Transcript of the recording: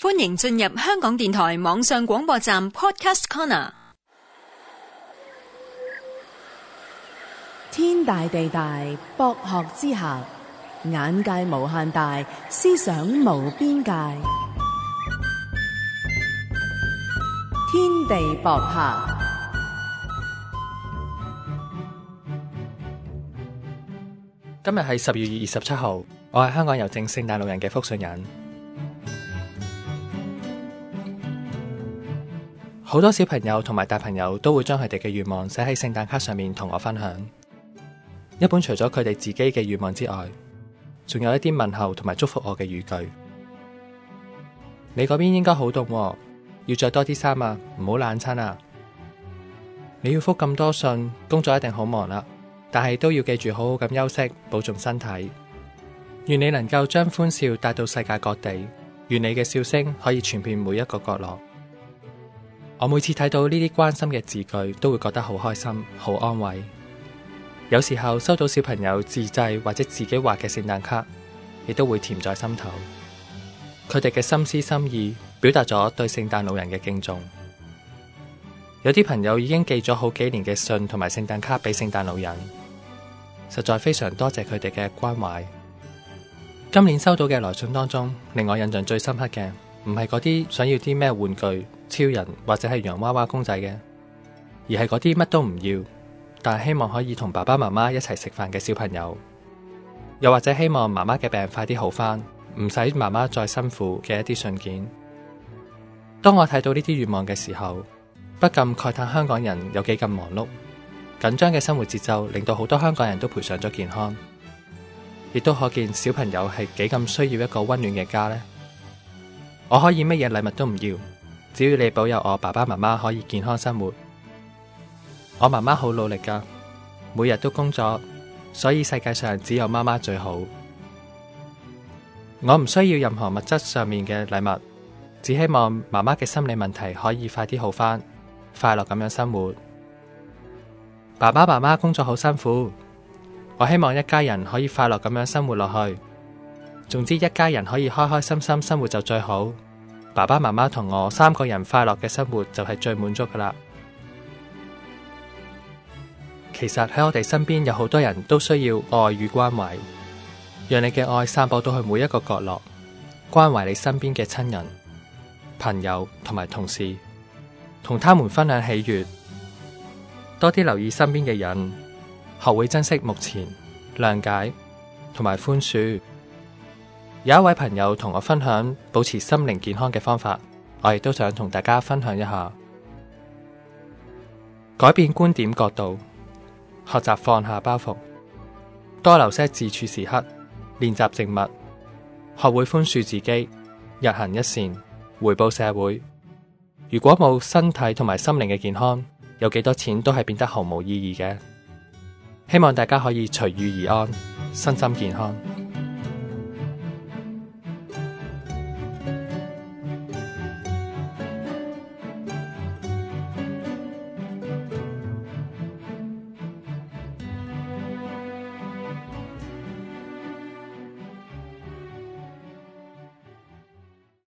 歡迎進入香港電台網上廣播站 Podcast Corner。天大地大，博學之客，眼界無限大，思想無邊界。天地博客。今日係十二月二十七號，我係香港郵政聖誕老人嘅覆信人。好多小朋友同埋大朋友都會將佢哋嘅願望寫喺聖誕卡上面同我分享。一本除咗佢哋自己嘅願望之外，仲有一啲問候同埋祝福我嘅語句。你嗰邊應該好凍，要着多啲衫啊，唔好冷親啊！你要復咁多信，工作一定好忙啦，但係都要記住好好咁休息，保重身體。願你能夠將歡笑帶到世界各地，願你嘅笑聲可以傳遍每一個角落。我每次睇到呢啲關心嘅字句，都會覺得好開心、好安慰。有時候收到小朋友自製或者自己畫嘅聖誕卡，亦都會甜在心頭。佢哋嘅心思心意，表達咗對聖誕老人嘅敬重。有啲朋友已經寄咗好幾年嘅信同埋聖誕卡俾聖誕老人，實在非常多謝佢哋嘅關懷。今年收到嘅來信當中，令我印象最深刻嘅，唔係嗰啲想要啲咩玩具。超人或者係洋娃娃公仔嘅，而係嗰啲乜都唔要，但係希望可以同爸爸媽媽一齊食飯嘅小朋友，又或者希望媽媽嘅病快啲好返，唔使媽媽再辛苦嘅一啲信件。當我睇到呢啲願望嘅時候，不禁慨嘆香港人有幾咁忙碌、緊張嘅生活節奏，令到好多香港人都賠上咗健康，亦都可見小朋友係幾咁需要一個溫暖嘅家呢。我可以乜嘢禮物都唔要。只要你保佑我爸爸媽媽可以健康生活，我媽媽好努力㗎，每日都工作，所以世界上只有媽媽最好。我唔需要任何物質上面嘅禮物，只希望媽媽嘅心理問題可以快啲好翻，快樂咁樣生活。爸爸媽媽工作好辛苦，我希望一家人可以快樂咁樣生活落去。總之，一家人可以開開心心生活就最好。爸爸媽媽同我三個人快樂嘅生活就係最滿足㗎喇。其實喺我哋身邊有好多人都需要愛與關懷，讓你嘅愛散播到去每一個角落，關懷你身邊嘅親人、朋友同埋同事，同他們分享喜悦，多啲留意身邊嘅人，學會珍惜目前，諒解同埋寬恕。有一位朋友同我分享保持心靈健康嘅方法，我亦都想同大家分享一下。改變觀點角度，學習放下包袱，多留些自處時刻，練習靜默，學會寬恕自己，日行一善，回報社會。如果冇身體同埋心靈嘅健康，有幾多錢都係變得毫無意義嘅。希望大家可以隨遇而安，身心健康。